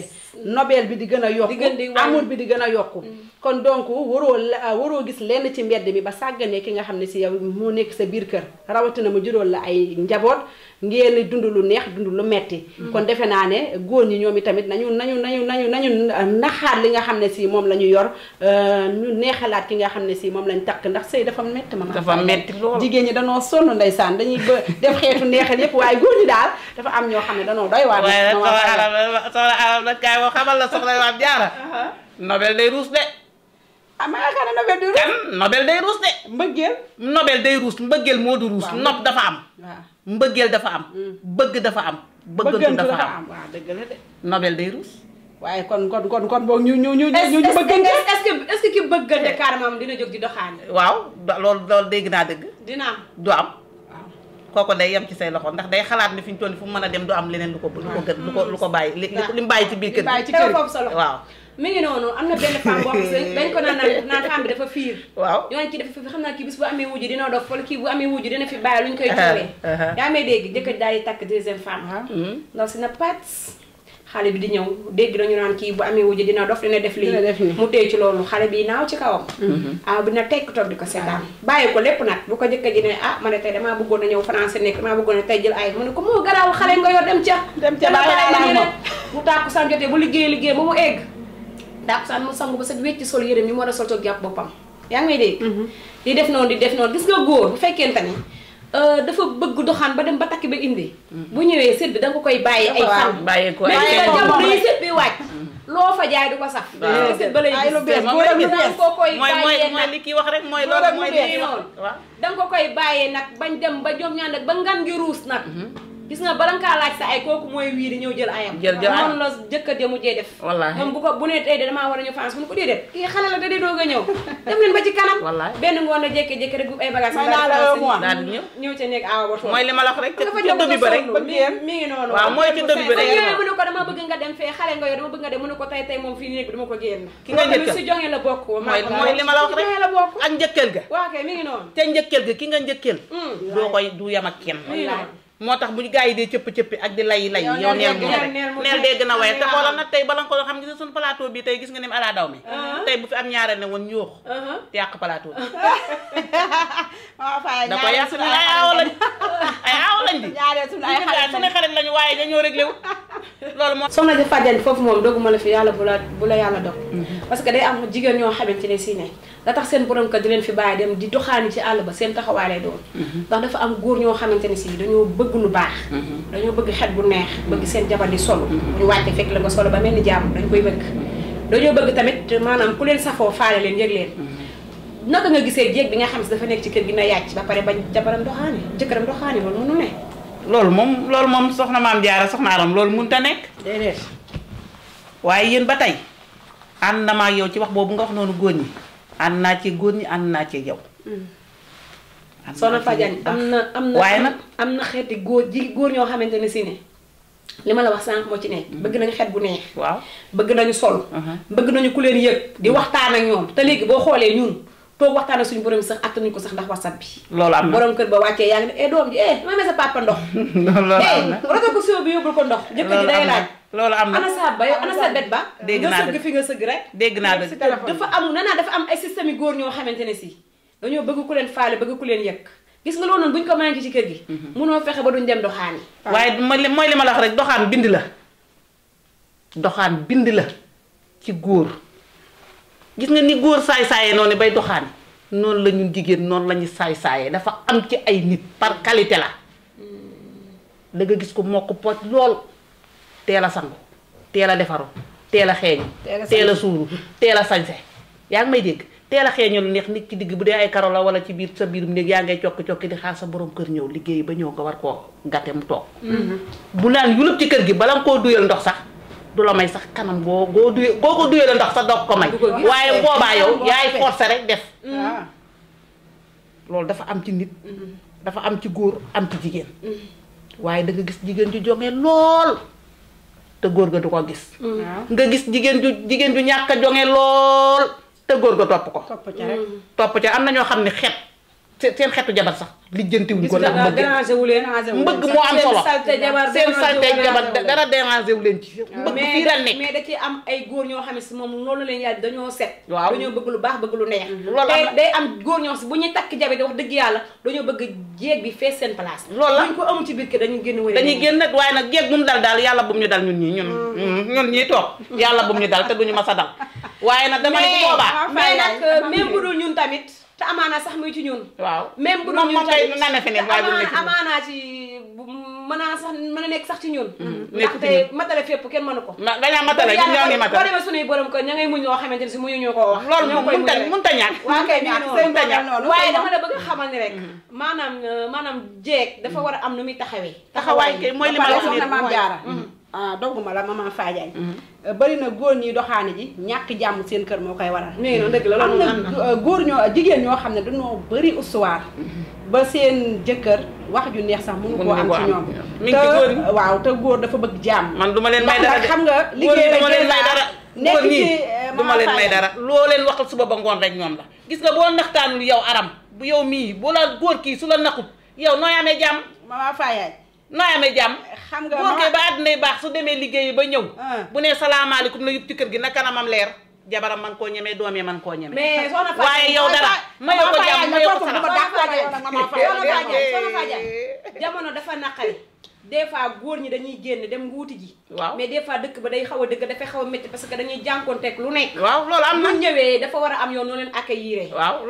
nobel bi di gën a yokku amul bi di gën a yokku mm. kon donc waroo euh, waroo gis lenn ci mbedd mi ba sàgganee ki nga xam ne si yow moo nekk sa biir kër rawatina mu juróol la ay njaboot ngeen dund lu neex dund lu metti mm. kon defe naa ne góor ñi ñoom i tamit nañu nañu nañu nañu nañu euh, naxaat li nga xam ne si moom la ñu yor euh, ñu neexalaat ki nga xam ne si moom lañ takk ndax sëy dafa metti ma dafa metti lool jigéen ñi danoo sonn ndeysaan dañuy def xeetu neexal yépp waaye góor ñi daal dafa am ñoo xam ne danoo doy waar soxna alam soxna nag kaay boo xamal la soxna waam jaara uh-huh. nobel day ruus de ah na yaakaar ne nobel day ruus kan nobel day ruus de. mbëggeel nobel day ruus mbëggeel moo du ruus. nopp dafa am. waaw mbëggeel dafa am. Mm. bëgg dafa am. bëggantu dafa am waaw dëgg la de. nobel day ruus. waaye kon kon kon kon boog ñu ñu ñu ñu bëggante est-ce que est-ce que ki bëggante carrément dina jóg di doxaan. waaw lool loolu dégg naa dëgg. dina am du am. kooko day yem ci say loxo ndax day xalaat ni fi ñu toll fu mu a dem du am leneen lu ko lu ko gën lu ko lu ko bàyyi li mu bàyyi ci biir kër waaw mi ngi noonu am na benn femme boo xam ne dañ ko naan naan femme bi dafa fiir waaw yoon ci dafa fiir xam naa kii bis bu amee wujju dina dof wala kii bu amee wujju dina fi bàyyi lu ñu koy uh-huh, joolee uh-huh. yaa may dégg jëkkër daal di takk deuxième femme uh-huh. mm-hmm. donc si na pat xale bi di ñëw dégg nañu naan kii bu amee wujju dina dof dina def lii mu tey ci loolu xale bi naaw ci kawam mm-hmm. ah bi na tekk toog di ko seetaan bàyyi ko lépp nag bu ko jëkkër ji ne ah ma ne tey damaa bëggoon a ñëw français nekk damaa bëggoon a tey jël ay mu ne ko moo garaaw xale nga yor dem ca dem ca bu tàkku sam jotee bu liggéey liggéey ba mu egg dapsaan mo sangu ba sa wetti sol yërëm ni mo war a sol toog jàpp boppam yaa ngi di def non di def non gis nga goor bu fekkente euh dafa bëgg doxaan ba dem ba takki ba indi bu ñëwee sët bi da nga koy bàyyi ay fan bàyyi ko ay jamono yi sët bi wacc lo fa jaay du ko sax sët ba lay gis danga ko koy moy moy li ki wax rek moy lool moy li wax danga ko koy bàyyee nak bañ dem ba jom ñaan nak ba ngan gi rouss nak gis nga bala nga kaa laaj sa ay kooku mooy wii di ñëw jël ayam jël jël moom bu ko bu ne tey damaa war a ñëw France bu ne ko déedéet kii xale la da dee doog a ñëw ko dama bëgg nga dem ko tey tey moom fii nekk dama ko génn ki nga njëkkal si jonge la bokk mooy li ma la wax rek la doo koy du yam ak kenn moo tax bu ñu gars yi dee cëpp-cëppi ak di lay lay yow neel moom rek neel dee gën a waye te ah. xoolal nag tey bala nga xam nga suñu plateau bi tey gis nga ni alaa mi uh-huh. tey bu fi am ñaareel ne woon ñoox uh-huh. yàq plateau bi da ko yàq suñu xarit lañu waaye dañoo réglé wu loolu moo soxna di fajjan foofu moom dogguma la fi yàlla bu la bu la yàlla dog mm-hmm. parce que day am jigéen ñoo xamante ne si ne da tax seen borom kër di leen fi bàyyi dem di doxaani ci àll ba seen taxawaay lay doon mm-hmm. bëgg lu baax mhm. dañoo bëgg xet bu neex bëgg mhm. seen jabar di solo bu mhm. ñu wàcce fekk la nga solo ba mel ni jàmm dañ koy bëgg dañoo bëgg tamit maanaam ku leen safoo faale leen yëg leen naka nga gisee jéeg bi nga xam si dafa nekk ci kër gi na yàcc ba pare bañ jabaram doxaane jëkkëram doxaane loolu mënu ne loolu moom loolu moom soxna maam jaara soxna aram loolu mënut a nekk déedéet waaye yéen ba tey ànd na ma ak yow ci wax boobu nga wax noonu góor ñi ànd naa ci góor ñi ànd naa ci yow mm. soxna fajan am na am na waaye am na xeeti góor ji góor ñoo xamante ne si ne li ma la wax sànq moo ci ne mm-hmm. bëgg nañu xet bu neex waaw bëgg nañu sol mm-hmm. bëgg nañu ku leen yëg di waxtaan ak ñoom te léegi boo xoolee ñun toog waxtaan ak suñu borom sax attanuñu ko sax ndax whatsapp bi loolu am na borom kër ba wàccee yaa ngi ne eh doom eh, ndox loolu am eh, ko ndox jëkkër ji day laaj loolu am sa ba ana bet ba dégg naa nga sëgg fi nga sëgg rek dégg naa dafa amu na naa dafa am ay système yi góor ñoo xamante ne si dañoo bëgg ku leen faale bëgg ku leen yëkk gis nga loolu noonu ko mangi ci kër gi. Mhm. munoo fexe ba duñ dem doxaani. waaye mooy li ma la wax rek doxaan bind la doxaan bind la ci góor gis nga ni góor saay-saayee noonu bay doxaan noonu la ñun jigéen noonu la ñu saay-saayee dafa am ci ay nit par qualité la mm. da nga gis ko mokk pooj lool teel a sangu teel a defaru teel a xeeñu teel a suuru teel a sañse yaa ngi may dégg teel a xeeñalu neex nit ki digg bu dé ay karola wala ci biir sa mu neex ya ngay ciok ciok di xaar sa borom kër ñew liggéey ba war ko gaté mu tok mm-hmm. bu naan ci kër gi duyal ndox sax du la may sax kanam bo go duyel goko duyel duyal ndox sax wae ko may waye boba yow mm-hmm. yaay forcé rek def mm-hmm. ah. lool dafa am ci nit dafa am ci goor am ci jigen waye da nga gis jigen ju jonge lool te goor ga du ko gis nga gis jigen ju jigen ju ñaka lool te góor ga topp ko. topp ca rek mm. topp ca am na ñoo xam ne xet. seen xeetu jabar sax lijjanti wuñ ko ndax mbëgg moo am solo seen salte jabar dara dérangé wu leen ci ah. mbëgg fii la nekk mais da ci am ay góor ñoo xam ne si moom loolu leen yàlla dañoo set waaw dañoo bëgg lu baax bëgg lu neex mm-hmm. loolu day am góor ñoo si bu ñuy takk jabar di wax dëgg yàlla dañoo bëgg jéeg bi fees seen place loolu la buñ ko amul ci biir kër dañuy génn wër dañuy génn nag waaye nag jéeg bu dal daal yàlla bu mu ñu dal ñun ñii ñun mm. mm-hmm. ñun ñii toog yàlla bu mu ñu dal te a dal waaye nag dama ne bu boobaa mais nag même bu ñun tamit te amaana sax muy ci ñun waaw même bu dul ñun tamit moom na ne feneen waaye bu nekk amaana ci mën naa sax mën a nekk sax ci ñun mm-hmm. ndaxte matale fépp kenn mënu ko dañaa matale ñu ñoo ngi matale boo demee suñuy borom ko ña ngay muñ loo xamante ni si muñu ñoo ko wax mun ta ñàkk waaw kay mun ta ñàkk waaye dama la bëgg a xamal ni rek mm-hmm. maanaam maanaam jeeg dafa war a am nu muy taxawee taxawaay kay mooy li ma wax ni maam jaara mm-hmm. ah dogguma la maman Fadiagne. Mhm. Euh, bari na góor ñi doxaani ji ñàkk jàmm seen kër moo koy waral. nee na dëgg la loolu am na euh, góor ñoo jigéen ñoo xam ne dañoo bari histoire. Mhm. ba seen jëkkër wax ju neex sax mënu koo góor dafa bëgg jàmm. man duma leen may dara de xam nga liggéey la jël laa nekk ci ma leen may euh, dara loo leen waxal ba ngoon rek ñoom la gis nga boo naxtaanul yow aram bu yow mii bu la góor kii su la naqut yow nooy amee jàmm mama Fayaay naa amee jàmm. xam nga góor kay ba àddina baax su demee liggéeyi ba ñëw. Ah. bu nee salaamaaleykum na yëpp ci kër gi na kanamam leer. jabaram man koo ñemee doomee man koo ñemee. mais soxna Fatou waaye yow dara. mayoo ko jàmm mayoo ko salaam jamono dafa naqari. des fois góor ñi dañuy génn dem wuuti ji. waaw mais des fois dëkk ba day xaw a dëgg dafay xaw a parce que dañuy jànkoonteeg lu nekk. waaw loolu am na bu ñëwee dafa war a am yoon noo leen accueillir. waaw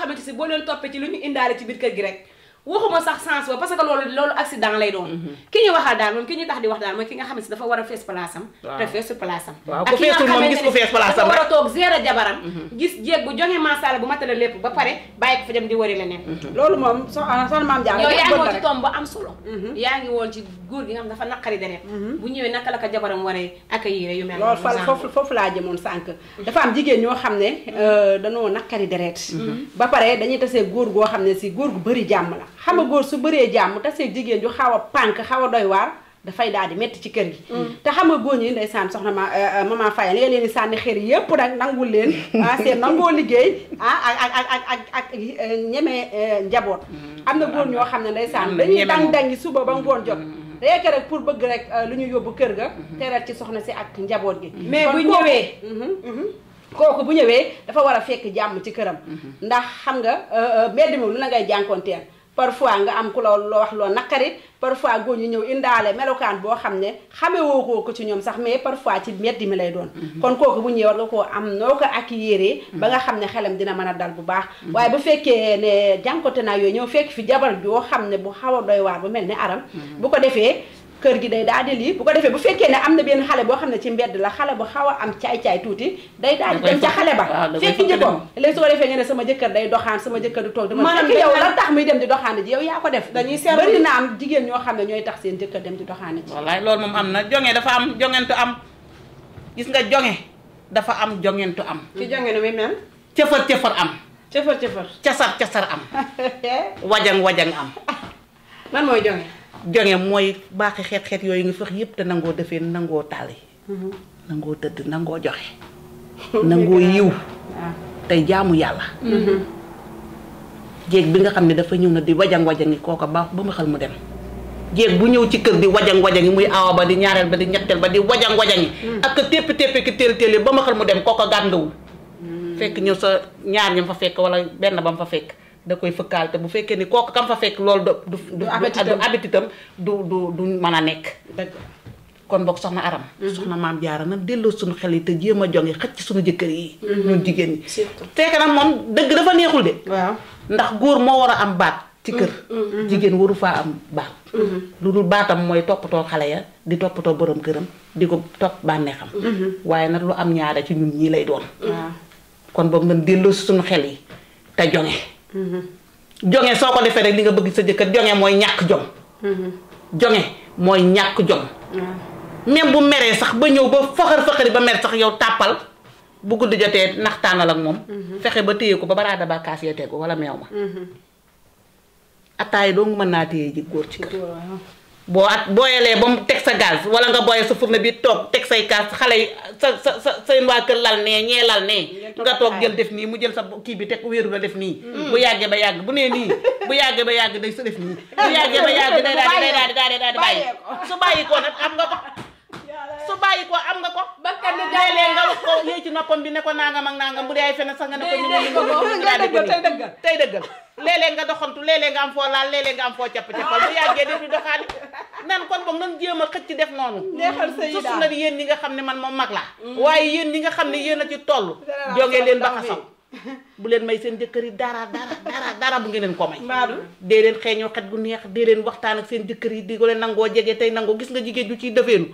xamante si boo leen toppee ci lu ñu indaale ci biir kër gi rek waxuma sax sens ba parce que loolu loolu accident lay doon. Mhm. ki ñu waxal daal moom ki ñu tax di wax daal mooy ki nga xam ne dafa a fees am. te feesul place am. ak ki nga dafa a toog gérer jabaram. Mhm. gis jéeg bu joxe masaala bu matale lépp ba pare bàyyi ko fa dem di wari leneen. Mhm. loolu moom so ah, soxna am solo. yaa ngi woon ci góor gi nga dafa naqari deret. bu ñëwee naka la ko jabaram waree ak yére yu mel noonu. loolu foofu foofu laa jëmoon dafa am jigéen ñoo xam ne euh, dañoo naqari deret. ba pare dañuy tasee góor goo xam ne si góor gu bëri jàmm la xam nga góor su bëree jàmm tasee jigéen ju xaw a pànk xaw doy waar dafay daal di métti ci kër gi. Mm. te xam nga góor ñi ndeysaan soxna ma euh, euh, maman Faye nga leen di sànni xeer yëpp nag nangu leen. ah seen nangoo liggéey ah ak ak ak ak ak euh, ñeme njaboot. Mm. am na góor ñoo xam ne saan mm. dañuy dang-dangi suba ba ngoon jot. léegi rek pour bëgg rek lu ñu yóbbu kër ga. Mm-hmm. teral ci soxna si ak njaboot gi. Mm-hmm. mais bu ñëwee. Mm-hmm. kooku bu ñëwee dafa war a fekk jàmm ci këram. ndax xam nga mbedd moom lu la parfois nga am ku la loo wax loo naqarit parfois góor ñu ñëw indaale melokaan boo xam ne xamewoo koo ko ci ñoom sax mais parfois ci meddi mi lay doon mm-hmm. kon kooku bu ñëwee war nga koo am noo ko ak yéree mm-hmm. ba nga xam ne xelam dina mën a dal bu baax mm-hmm. waaye bu fekkee ne jànkote naa yooyu ñëw fekk fi jabar joo xam ne bu xaw a doy waar bu mel ne aram bu ko defee kër gi day daal di lii bu ko defee bu fekkee ne am na benn xale boo xam ne ci mbedd la xale bu xaw a am caay-caay tuuti day daal di dem ca xale ba ah, fekki jëkkoom léegi su ko defee nga ne sama jëkkër day doxaan sama jëkkër du toog dama fekk yow la tax muy dem di doxaan ji yow yaa ko def dañuy seetlu bari am jigéen ñoo xam ne ñooy tax seen jëkkër dem di doxaan ji wallaay loolu moom am na jonge dafa am jongentu am gis nga jonge dafa am jongentu am ci jonge nu muy mel cëfar cëfar am cëfar cëfar casar casar am wajang wajang am lan mooy jonge joŋe mooy baax xeet xeet yooyu nga fex yëpp te nangoo defee nangoo tàlli mm-hmm. nangoo tëdd nangoo joxe nangoo yiw ah. tey jaamu yàlla mm-hmm. jéeg bi nga xam ne dafa ñëw na di wajang wajangi kooka baax ba ma xel mu dem jéeg bu ñëw ci kër di wajang wajangi muy awa ba di ñaareel ba di ñetteel ba di wajang wajangi mm. ak tépp tépp ki téel téel ba ma xel mu dem kooka gàtt ngawul mm. fekk ñëw sa ñaar ñam fa fekk walla benn ba mu fa fekk da koy fëkkaal te bu fekke ni kok kam fa fekk loolu du du habititam du du du mana nek kon bok soxna aram mhm. soxna mam jaara na delo sunu xel yi te jema jongi jonge sunu jeuker yi mhm. ñun jigéen ñi fekk na moom deug dafa neexul de waaw ndax goor mo wara am baat ci kër mhm. jigéen waru fa am baat lu baatam mooy toppatoo xale ya di to borom këram di ko topp bànneexam waye nak lu am ñaara ci ñun ñi lay doon kon bok na delo sunu xel yi te jonge jonge soo ko defee rek li nga bëgg sa jëkkër jonge mooy ñàkk jom jonge mooy ñàkk jom même bu meree sax ba ñëw ba faxar faxari ba mer sax yow tàppal bu guddi jotee naxtaanal ak moom mhm. fexe ba téye ko ba baraada ba kaas yee tegu wala meew ma mhm. attaay doo ngi naa téye ji góor ci kër boo at booyalee ba mu teg sa gaz wala nga booyee sa fourne bi toog teg say kaas xale yi sa sa sa seen waa kër lal nee ñee lal nee nga toog jël def nii mu jël sa kii bi teg wéeru la def nii mm. bu yàggee ba yàgg bu nee nii bu yàggee ba yàgg day sa def nii bu yàggee ba yàgg day daal di day daal di daal di bàyyi su bàyyi ko nag am nga ko su bàyyi ko am nga ko. bakkan ni léeg nga wax ko yéy ci noppam bi ne ko nangam ak nangam bu ay feneen sax nga ne ko. ñu ngi ko nga dëggal tay dëggal tay dëggal. léeg nga doxantu léeg nga am fo laal léeg nga am fo ciap ciap bu yagge di fi doxal nan kon bok nan jéem a xëcc def sayida su na yeen ni nga xam ne man mom mag la mm. waye yeen ni nga xam yeen yéen ci toll jógee len ba xasaw bu len may sen jëkkër dara dara dara dara bu ngeen leen ko may de len xeeñoo xet gu neex de len waxtaan ak sen jëkkër di ko leen jege tay nango gis nga jigéen ju ciy defeenu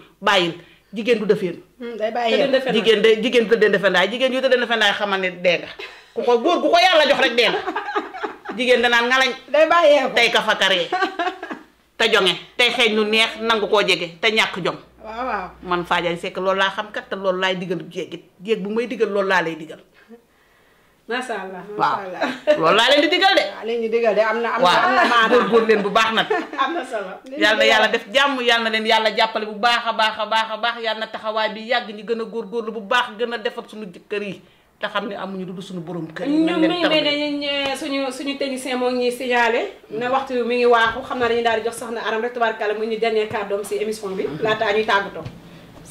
jigéen du defeen hmm, day bàyyi jigéen day jigéen du tëddee ndefendaay jigéen yu tëddee ndefendaay xamal ne dee nga ku ko góor gu ko yàlla jox rek dee nga jigéen danaan ngalañ day bàyyee ko tey kafakaree te joŋe tey xeeñ lu neex nangu koo jege te ñàkk jom waaw waaw man Fadiagne Seck loolu laa xam kat te loolu laay digal jéegit jéeg bu may digal loolu laa lay digal macha allah waaw loolu laa leen di digal de. am na am na am na maanaam góorgóor leen bu baax am na solo yal na yàlla def jàmm yal na leen yàlla jàppale bu baax a baax a baax a baax yal na taxawaay bi yàgg ñi gën a góorgóorlu bu baax gën a defar suñu jëkkër yi. te xam ne amuñu lu dul suñu borom kër yi. ñu ngi mel ne suñu suñu technicien moo ngi ñuy signalé. na waxtu bi mi ngi waaxu xam naa dañu daal di jox soxna Aram rek tubaarkalla mu ñu dernier kàddoom si émission bi. Mm-hmm. laataa ñuy tàggatoo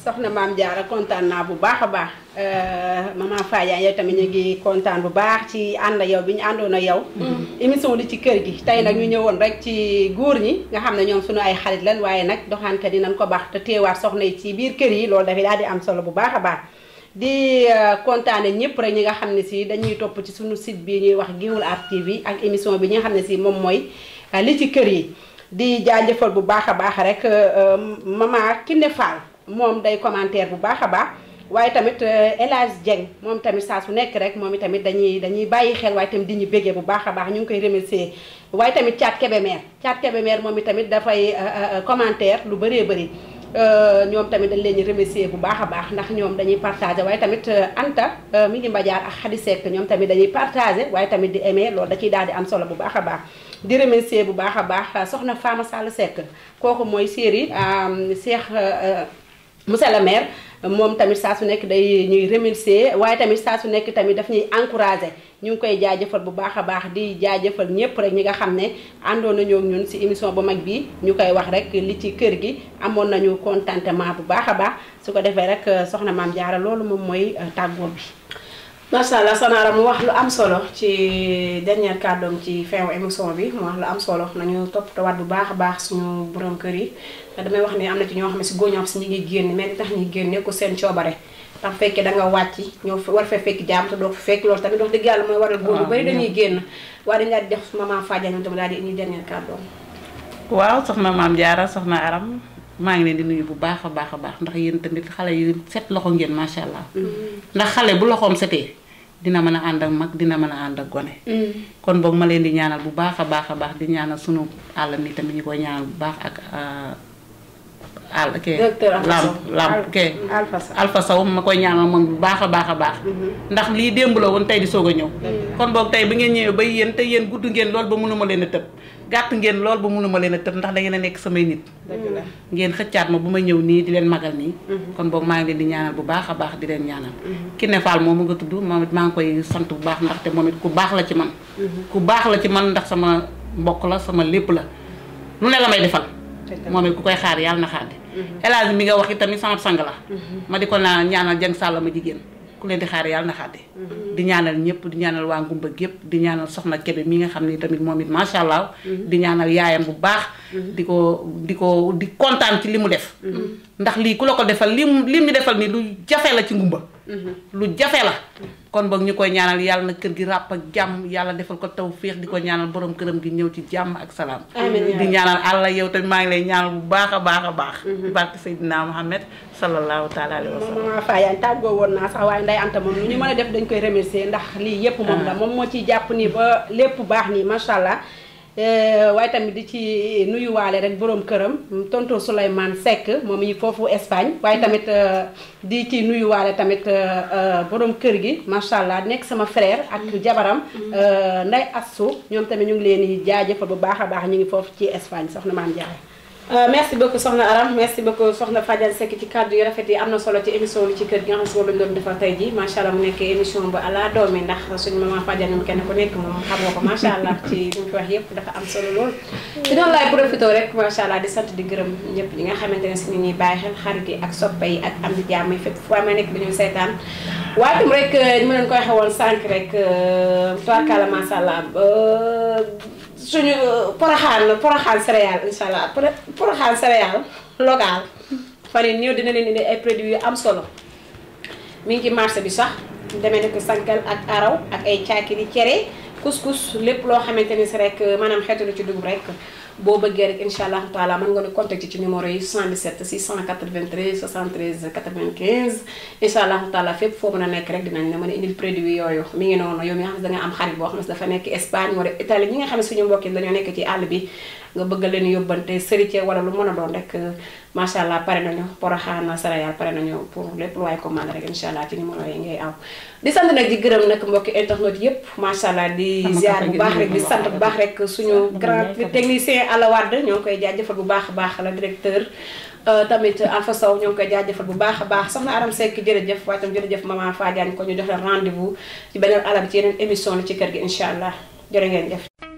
soxna maam Diarra kontaan naa bu baax a baax euh, maman Fadiane yow tamit ñu ngi kontaan bu baax ci ànd yow bi ñu àndoon a yow. Mm-hmm. émission li ci kër gi tey nag ñu ñëwoon rek ci góor ñi nga xam ne ñoom suñu ay xarit lan waaye nag doxaankat yi ko baax te teewaat soxna yi ci biir kër yi loolu dafay daal di am solo bu baax a baax. di euh, kontaane ñëpp rek ñi nga xam ne si dañuy topp ci suñu sit bi ñuy wax Gueoul Art TV ak émission bi ñi nga xam ne si moom mooy euh, li ci kër yi di jaajëfal bu baax a baax rek maman Kiné Fall moom day commentaire bu baax a baax waaye tamit euh, El Hadj moom tamit saa su nekk rek moom itamit dañuy dañuy bàyyi xel waaye tamit di ñu béggee bu baax a baax ñu ngi koy remercier waaye tamit Thiat Kébémer Thiat Kébémer moom itamit dafay euh, euh, commentaire lu bëree bëri ñoom tamit dañ leen di remercier bu baax a baax ndax ñoom dañuy partager waaye tamit Anta mi ngi mbajaar ak Khady Seck ñoom tamit dañuy partager waaye tamit di aimer loolu da ciy daal di am solo bu baax a baax di remercier bu baax a baax soxna Fama Sall Seck kooku mooy série Cheikh monsieur le maire moom tamit saa su nekk day ñuy remercier waaye tamit saa su nekk tamit daf ñuy encourager ñu ngi koy jaajëfal bu baax a baax di jaajëfal ñëpp rek ñi nga xam ne àndoon nañoo ñun ci émission bu mag bii ñu koy wax rek li ci kër gi amoon nañu contentement bu baax a baax su ko defee rek soxna maam Diarra loolu moom mooy euh, tàggoo bi. Masala allah sanaara mu wax lu am solo ci dernier kàddoom ci fin émission bi mu wax lu am solo nañu toppatawaat bu baax baax suñu borom kër yi damay wax ni amna ci ño xamé ci goñox ci ñi ngi genn mais tax ñi genné ko seen ciobaré tax fekkee da nga wacc ño war fa fekk jam te do fekk lool tamit wax dëgg yalla moy waral góor yu bari dañuy genn waaye dañ daal di jox maman Fadia ñoom tamit daal di dernier kàddoom waaw soxna mam jaara soxna aram maa ngi leen di nuyu bu baax a baax a baax ndax yéen tamit xale yi set loxo ngeen macha allah mm-hmm. ndax xale bu loxoom setee dina mën a ànd ak mag dina mën a ak gone. Mm. kon bok ma leen di ñaanal bu baaxa baaxa baax di ñaanal sunu àll mi tamit ñu koy ñaanal bu baax ak ah, àll kee. lamp lamp kee. Alpha Sow ma koy ñaanal moom bu baaxa baaxa baax mm-hmm. ndax lii démb la woon tey di soog a ñëw. Mm. kon boog tey bi ngeen ñëwee ba yéen te yéen gudd ngeen lool ba mënuma leen a tëb. gàtt ngeen lool ba mënuma leen a tër ndax da ngeen a nekk samay nit ngeen xëccaat ma bu ma ñëw nii di leen magal nii mhm. kon boog maa ngi leen di ñaanal bu baax a baax di leen ñaanal mhm. ki ne Fall moom nga tudd moom it maa ngi koy sant bu baax ndaxte moom it ku baax la ci man mhm. ku baax la ci man ndax sama mbokk la sama lépp la lu ne la may defal moom it ku koy xaar yàlla na xaar di El bi nga wax itamit sama sang la ma di ko naa ñaanal jëng sàll ma jigéen ku leen di xaar yàlla na xaar mhm. di ñaanal ñëpp di ñaanal waa Ngumba gépp di ñaanal soxna Kébé mi nga xam ni tamit moom it macha allah. Mhm. di ñaanal yaayam bu baax. Mhm. di ko di ko di kontaan ci li mu def. ndax lii ku la ko defal li mu li mu defal nii lu jafe la ci Ngumba. lu jafe la kon boog ñu koy ñaanal yàlla na kër gi ràpp ak jàmm yàlla defal ko taw féex di ko ñaanal borom këram gi ñëw ci jàmm ak salaam di ñaanal àlla yow tamit maa ngi lay ñaanal bu baax a baax a baax mhm. barke Seydina Mohamed sallallahu taala alayhi wa sallam maman Faye tàggoo woon naa sax waaye nday Anta moom ñu mën def dañ koy remercier ndax lii yépp moom la ah. moom moo ciy jàpp nii ba lépp baax nii macha allah Eh, waaye tamit di ci nuyuwaale rek borom këram tonton Souleymane Seck moom yi foofu Espagne waaye mm. tamit eh, di ci nuyuwaale tamit eh, borom kër gi macha nekk sama frère ak mm. jabaram mm. Ndeye Assou ñoom tamit ñu ngi leen di jaajëfal bu baax a baax ñu ngi foofu ci Espagne soxna maam Ndiaye. Euh, merci beaucoup soxna Aram merci beaucoup soxna Fadial Seck ci kàddu yu rafet yi am na solo ci émission lu ci kër gi nga xam si moom lañ doon tey jii macha kenn nekk moom xam nga ko macha allah ci li mu fi wax yëpp dafa am solo lool. ci noonu laay profité rek macha allah di sant di gërëm ñëpp ñi nga xamante ne si nit ñi bàyyi xel xarit yi ak soppe yi ak am di jàmm yi fépp fu amee nekk dañuy seetaan waaye itam rek ñu ma leen koy xewoon sànq rek euh, tubaarkalla macha allah euh, suñu euh, poroxaan poroxaan céréale incha allah poroxaan céréale local fan yii ñëw dina leen indi ay produits yu am solo mi ngi ci marché bi sax demee nekk sankal ak araw ak ay ni cere couscous lépp loo xamante ni si rek euh, maanaam xeetu lu ci dugub rek. boo bëggee rek incha allah taala mën nga ñu contacter ci numéro yi 77 693 73 95 incha allah taala fépp foo mën a nekk rek dinañ la mën a indil produit yooyu mi ngi noonu yow mi nga xam ne da am xarit boo xam ne dafa nekk Espagne wala Italie ñi nga xam ne suñu mbokk yi dañoo nekk ci àll bi nga bëgg leen yóbbante sërice wala lu ya mën a doon rek macha allah pare nañu poroxaan sarayal pare nañu pour lépp lu waay commande rek incha allah ci numéro yi ngay aw di sant nag di gërëm nag mbokki internet yépp macha allah di ziar bu baax rek di sant bu baax rek suñu grand technicien Alawad ñoo ngi koy jaajëfal bu baax baax la directeur euh, tamit Alpha saw ñoo ngi koy jaajëfal bu baax a baax soxna Aram Seck jërëjëf waaye tam jërëjëf mama Fadiane ko ñu jox la rendez-vous ci beneen alal ci yeneen émission la ci kër gi incha allah jërë ngeen jëf